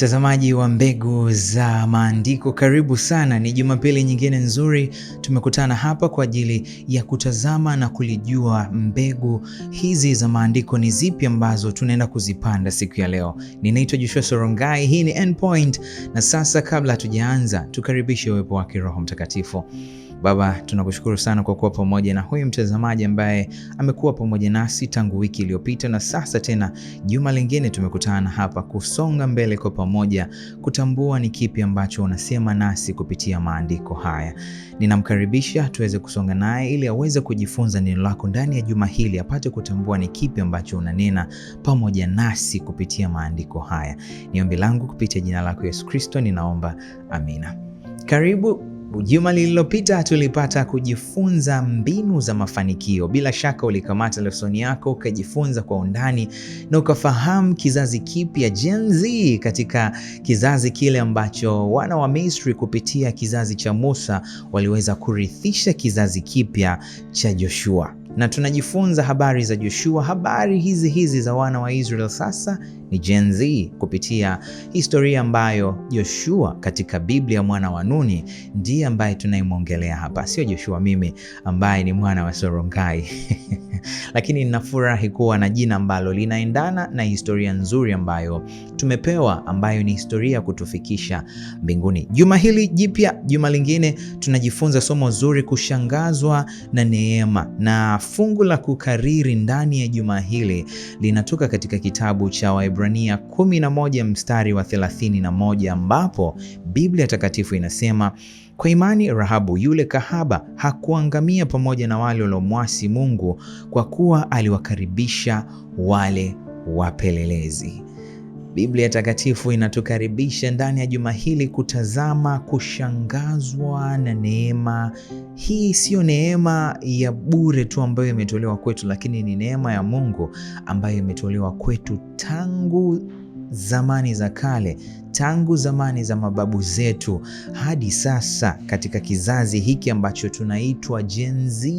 Mtazamaji wa Mbegu za Maandiko, karibu sana. Ni Jumapili nyingine nzuri tumekutana hapa kwa ajili ya kutazama na kulijua mbegu hizi za maandiko ni zipi ambazo tunaenda kuzipanda siku ya leo. Ninaitwa Joshua Sorongai, hii ni Endpoint, na sasa kabla hatujaanza tukaribishe uwepo wake Roho Mtakatifu. Baba, tunakushukuru sana kwa kuwa pamoja na huyu mtazamaji ambaye amekuwa pamoja nasi tangu wiki iliyopita na sasa tena juma lingine tumekutana hapa kusonga mbele kwa pamoja, kutambua ni kipi ambacho unasema nasi kupitia maandiko haya. Ninamkaribisha tuweze kusonga naye ili aweze kujifunza neno lako ndani ya juma hili, apate kutambua ni kipi ambacho unanena pamoja nasi kupitia maandiko haya. Ni ombi langu kupitia jina lako Yesu Kristo, ninaomba amina. Karibu Juma lililopita tulipata kujifunza mbinu za mafanikio. Bila shaka ulikamata lesoni yako ukajifunza kwa undani na ukafahamu kizazi kipya Gen Z katika kizazi kile ambacho wana wa Misri kupitia kizazi cha Musa waliweza kurithisha kizazi kipya cha Joshua na tunajifunza habari za Joshua, habari hizi hizi za wana wa israel sasa ni Gen Z kupitia historia ambayo Joshua katika Biblia mwana wa Nuni ndiye ambaye tunayemwongelea hapa, sio Joshua mimi ambaye ni mwana wa Sorongai lakini ninafurahi kuwa na jina ambalo linaendana na historia nzuri ambayo tumepewa, ambayo ni historia ya kutufikisha mbinguni. Juma hili jipya, juma lingine, tunajifunza somo zuri, kushangazwa na neema na fungu la kukariri ndani ya juma hili linatoka katika kitabu cha Waebrania 11 mstari wa 31 ambapo Biblia Takatifu inasema kwa imani Rahabu yule kahaba hakuangamia pamoja na wale waliomwasi Mungu, kwa kuwa aliwakaribisha wale wapelelezi. Biblia Takatifu inatukaribisha ndani ya juma hili kutazama kushangazwa na neema hii. Siyo neema ya bure tu ambayo imetolewa kwetu, lakini ni neema ya Mungu ambayo imetolewa kwetu tangu zamani za kale, tangu zamani za mababu zetu hadi sasa, katika kizazi hiki ambacho tunaitwa Gen Z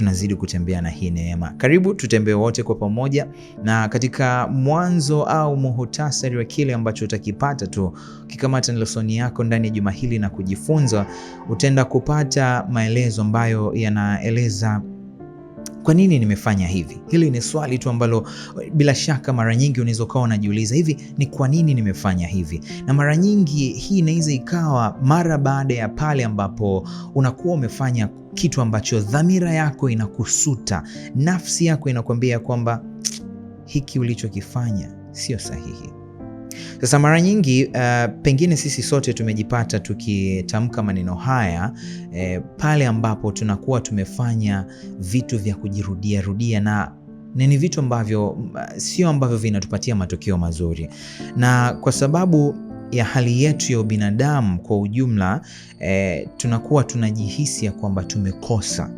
tunazidi kutembea na hii neema. Karibu tutembee wote kwa pamoja, na katika mwanzo au muhutasari wa kile ambacho utakipata tu, ukikamata lesoni yako ndani ya juma hili na kujifunza, utaenda kupata maelezo ambayo yanaeleza kwa nini nimefanya hivi? Hili ni swali tu ambalo bila shaka mara nyingi unaweza ukawa unajiuliza, hivi ni kwa nini nimefanya hivi? Na mara nyingi hii inaweza ikawa mara baada ya pale ambapo unakuwa umefanya kitu ambacho dhamira yako inakusuta, nafsi yako inakuambia kwamba hiki ulichokifanya sio sahihi. Sasa mara nyingi uh, pengine sisi sote tumejipata tukitamka maneno haya eh, pale ambapo tunakuwa tumefanya vitu vya kujirudia rudia na na ni vitu ambavyo eh, sio ambavyo vinatupatia matokeo mazuri, na kwa sababu ya hali yetu ya ubinadamu kwa ujumla eh, tunakuwa tunajihisi ya kwamba tumekosa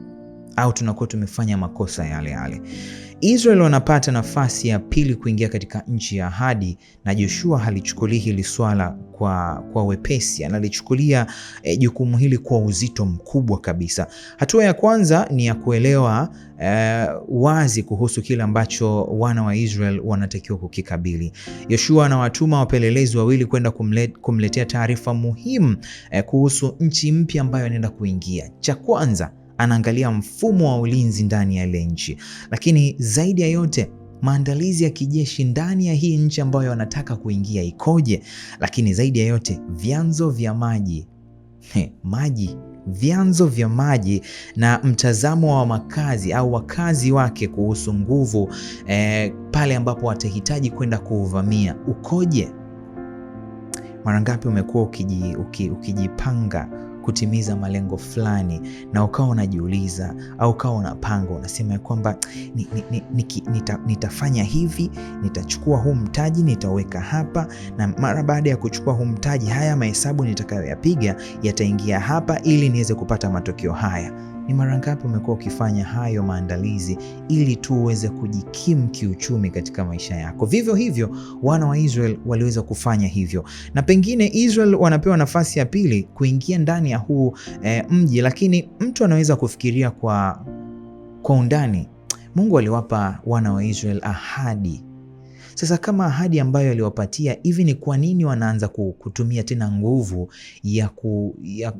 au tunakuwa tumefanya makosa yale yale. Israel wanapata nafasi ya pili kuingia katika nchi ya ahadi, na Joshua halichukulii hili swala kwa, kwa wepesi. Analichukulia eh, jukumu hili kwa uzito mkubwa kabisa. Hatua ya kwanza ni ya kuelewa eh, wazi kuhusu kile ambacho wana wa Israel wanatakiwa kukikabili. Yoshua anawatuma wapelelezi wawili kwenda kumle, kumletea taarifa muhimu eh, kuhusu nchi mpya ambayo anaenda kuingia. Cha kwanza anaangalia mfumo wa ulinzi ndani ya ile nchi, lakini zaidi ya yote maandalizi ya kijeshi ndani ya hii nchi ambayo wanataka kuingia ikoje, lakini zaidi ya yote vyanzo vya maji He, maji vyanzo vya maji na mtazamo wa makazi au wakazi wake kuhusu nguvu eh, pale ambapo watahitaji kwenda kuuvamia ukoje? Mara ngapi umekuwa ukijipanga uki, uki kutimiza malengo fulani, na ukawa unajiuliza au ukawa unapanga unasema ya kwamba ni, ni, ni, ni, nita, nitafanya hivi, nitachukua huu mtaji nitaweka hapa, na mara baada ya kuchukua huu mtaji, haya mahesabu nitakayoyapiga yataingia hapa ili niweze kupata matokeo haya. Ni mara ngapi umekuwa ukifanya hayo maandalizi ili tu uweze kujikimu kiuchumi katika maisha yako? Vivyo hivyo wana wa Israel waliweza kufanya hivyo, na pengine Israel wanapewa nafasi ya pili kuingia ndani ya huu e, mji, lakini mtu anaweza kufikiria kwa, kwa undani. Mungu aliwapa wana wa Israel ahadi sasa kama ahadi ambayo aliwapatia hivi, ni kwa nini wanaanza kutumia tena nguvu ya, ku, ya,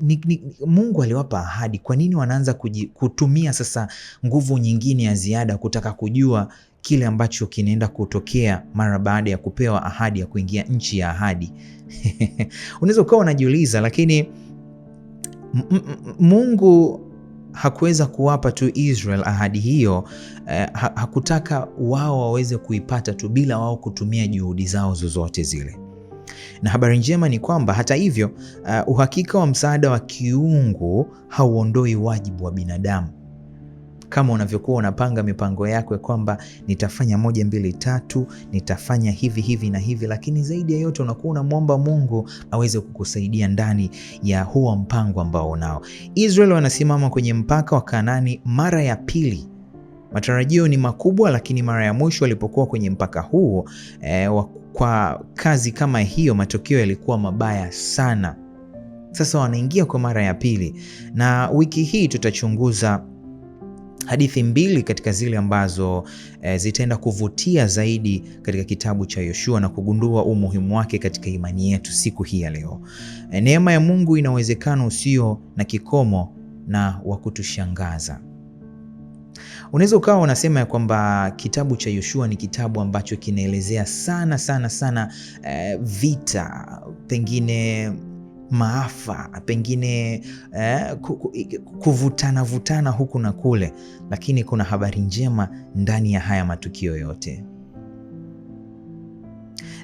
ni, ni, Mungu aliwapa ahadi. Kwa nini wanaanza kutumia sasa nguvu nyingine ya ziada kutaka kujua kile ambacho kinaenda kutokea mara baada ya kupewa ahadi ya kuingia nchi ya ahadi? Unaweza ukawa unajiuliza, lakini Mungu hakuweza kuwapa tu Israel ahadi hiyo eh, hakutaka wao waweze kuipata tu bila wao kutumia juhudi zao zozote zile. Na habari njema ni kwamba hata hivyo, uh, uhakika wa msaada wa kiungu hauondoi wajibu wa binadamu. Kama unavyokuwa unapanga mipango yako ya kwamba nitafanya moja mbili tatu, nitafanya hivi hivi na hivi, lakini zaidi ya yote unakuwa unamwomba Mungu aweze kukusaidia ndani ya huo mpango ambao unao. Israel wanasimama kwenye mpaka wa Kanaani mara ya pili. Matarajio ni makubwa, lakini mara ya mwisho walipokuwa kwenye mpaka huo eh, kwa kazi kama hiyo, matokeo yalikuwa mabaya sana. Sasa wanaingia kwa mara ya pili, na wiki hii tutachunguza hadithi mbili katika zile ambazo e, zitaenda kuvutia zaidi katika kitabu cha Yoshua na kugundua umuhimu wake katika imani yetu siku hii ya leo. E, neema ya Mungu ina uwezekano usio na kikomo na wa kutushangaza. Unaweza ukawa unasema ya kwamba kitabu cha Yoshua ni kitabu ambacho kinaelezea sana sana sana eh, vita pengine maafa pengine eh, kuvutana vutana huku na kule, lakini kuna habari njema ndani ya haya matukio yote.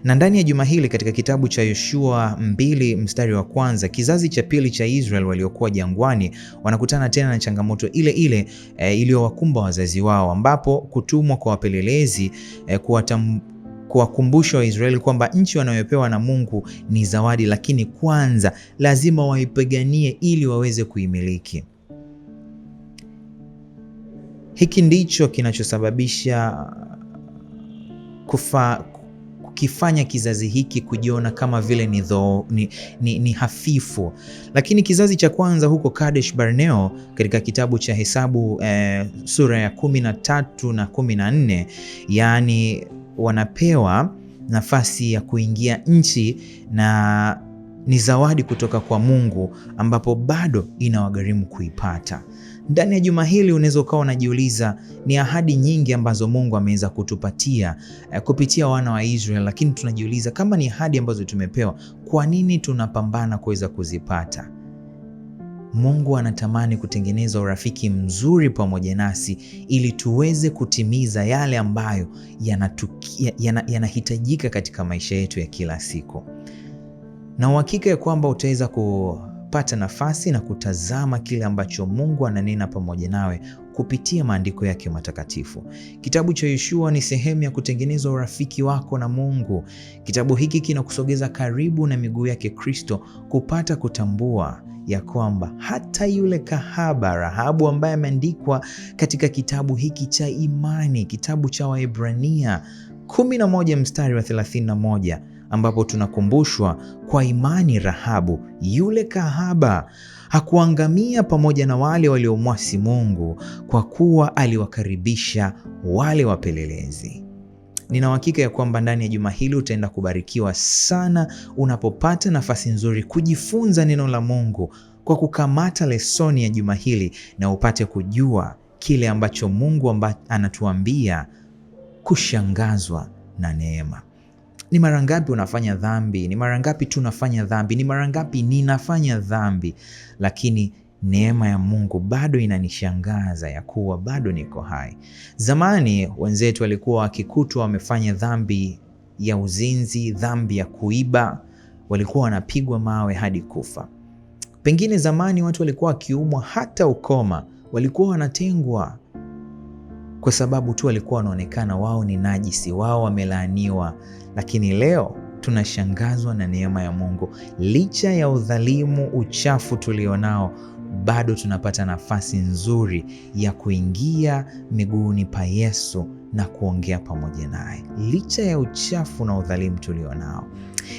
Na ndani ya juma hili katika kitabu cha Yoshua mbili mstari wa kwanza, kizazi cha pili cha Israel waliokuwa jangwani wanakutana tena na changamoto ile ile e, iliyowakumba wazazi wao, ambapo kutumwa kwa wapelelezi e, kuwatam kuwakumbusha Waisraeli kwamba nchi wanayopewa na Mungu ni zawadi, lakini kwanza lazima waipiganie ili waweze kuimiliki. Hiki ndicho kinachosababisha kufa kukifanya kizazi hiki kujiona kama vile ni, dho, ni, ni, ni hafifu. Lakini kizazi cha kwanza huko Kadesh Barneo katika kitabu cha Hesabu eh, sura ya 13 na 14, na yaani wanapewa nafasi ya kuingia nchi na ni zawadi kutoka kwa Mungu ambapo bado inawagharimu kuipata. Ndani ya juma hili unaweza ukawa unajiuliza ni ahadi nyingi ambazo Mungu ameweza kutupatia eh, kupitia wana wa Israeli, lakini tunajiuliza kama ni ahadi ambazo tumepewa, kwa nini tunapambana kuweza kuzipata? Mungu anatamani kutengeneza urafiki mzuri pamoja nasi ili tuweze kutimiza yale ambayo yanahitajika yana, yana katika maisha yetu ya kila siku, na uhakika ya kwamba utaweza ku pata nafasi na kutazama kile ambacho Mungu ananena pamoja nawe kupitia maandiko yake matakatifu. Kitabu cha Yoshua ni sehemu ya kutengeneza urafiki wako na Mungu. Kitabu hiki kinakusogeza karibu na miguu yake Kristo, kupata kutambua ya kwamba hata yule kahaba Rahabu ambaye ameandikwa katika kitabu hiki cha imani, kitabu cha Waebrania 11 mstari wa 31 ambapo tunakumbushwa kwa imani Rahabu yule kahaba hakuangamia pamoja na wale waliomwasi Mungu, kwa kuwa aliwakaribisha wale wapelelezi. Nina uhakika ya kwamba ndani ya juma hili utaenda kubarikiwa sana unapopata nafasi nzuri kujifunza neno la Mungu kwa kukamata lesoni ya juma hili na upate kujua kile ambacho Mungu amba, anatuambia kushangazwa na neema. Ni mara ngapi unafanya dhambi? Ni mara ngapi tunafanya dhambi? Ni mara ngapi ninafanya dhambi? Lakini neema ya Mungu bado inanishangaza ya kuwa bado niko hai. Zamani wenzetu walikuwa wakikutwa wamefanya dhambi ya uzinzi, dhambi ya kuiba, walikuwa wanapigwa mawe hadi kufa. Pengine zamani watu walikuwa wakiumwa hata ukoma, walikuwa wanatengwa kwa sababu tu walikuwa wanaonekana wao ni najisi, wao wamelaaniwa. Lakini leo tunashangazwa na neema ya Mungu, licha ya udhalimu, uchafu tulionao bado tunapata nafasi nzuri ya kuingia miguuni pa Yesu na kuongea pamoja naye, licha ya uchafu na udhalimu tulionao.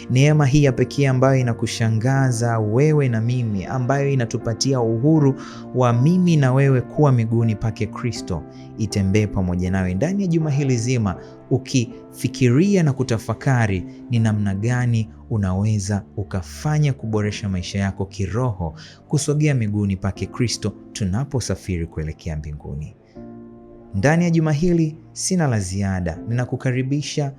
Neema hii ya pekee ambayo inakushangaza wewe na mimi, ambayo inatupatia uhuru wa mimi na wewe kuwa miguuni pake Kristo, itembee pamoja nawe ndani ya juma hili zima, ukifikiria na kutafakari ni namna gani unaweza ukafanya kuboresha maisha yako kiroho, kusogea miguuni pake Kristo tunaposafiri kuelekea mbinguni. Ndani ya juma hili sina la ziada, ninakukaribisha.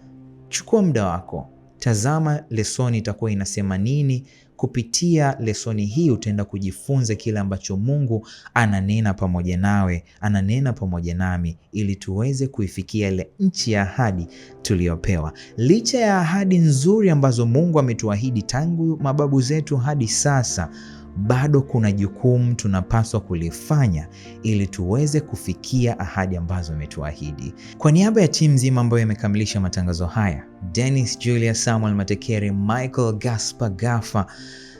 Chukua muda wako tazama lesoni itakuwa inasema nini. Kupitia lesoni hii utaenda kujifunza kile ambacho Mungu ananena pamoja nawe, ananena pamoja nami, ili tuweze kuifikia ile nchi ya ahadi tuliyopewa. Licha ya ahadi nzuri ambazo Mungu ametuahidi tangu mababu zetu hadi sasa bado kuna jukumu tunapaswa kulifanya ili tuweze kufikia ahadi ambazo ametuahidi. Kwa niaba ya timu nzima ambayo imekamilisha matangazo haya, Dennis Julius, Samuel Matekeri, Michael Gaspar Gafa,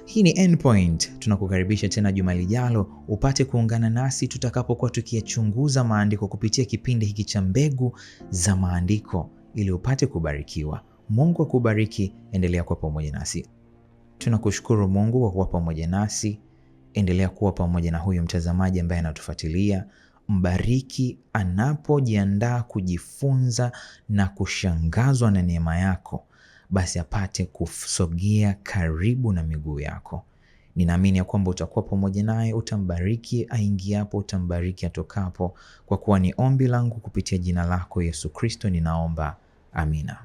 hii ni Endpoint. Tunakukaribisha tena juma lijalo upate kuungana nasi tutakapokuwa tukiyachunguza maandiko kupitia kipindi hiki cha Mbegu za Maandiko, ili upate kubarikiwa. Mungu akubariki, endelea kuwa pamoja nasi. Tunakushukuru Mungu kwa kuwa pamoja nasi. Endelea kuwa pamoja na huyu mtazamaji ambaye anatufuatilia, mbariki anapojiandaa kujifunza na kushangazwa na neema yako, basi apate kusogea karibu na miguu yako. Ninaamini ya kwamba utakuwa pamoja naye, utambariki aingiapo, utambariki atokapo, kwa kuwa ni ombi langu kupitia jina lako Yesu Kristo ninaomba, amina.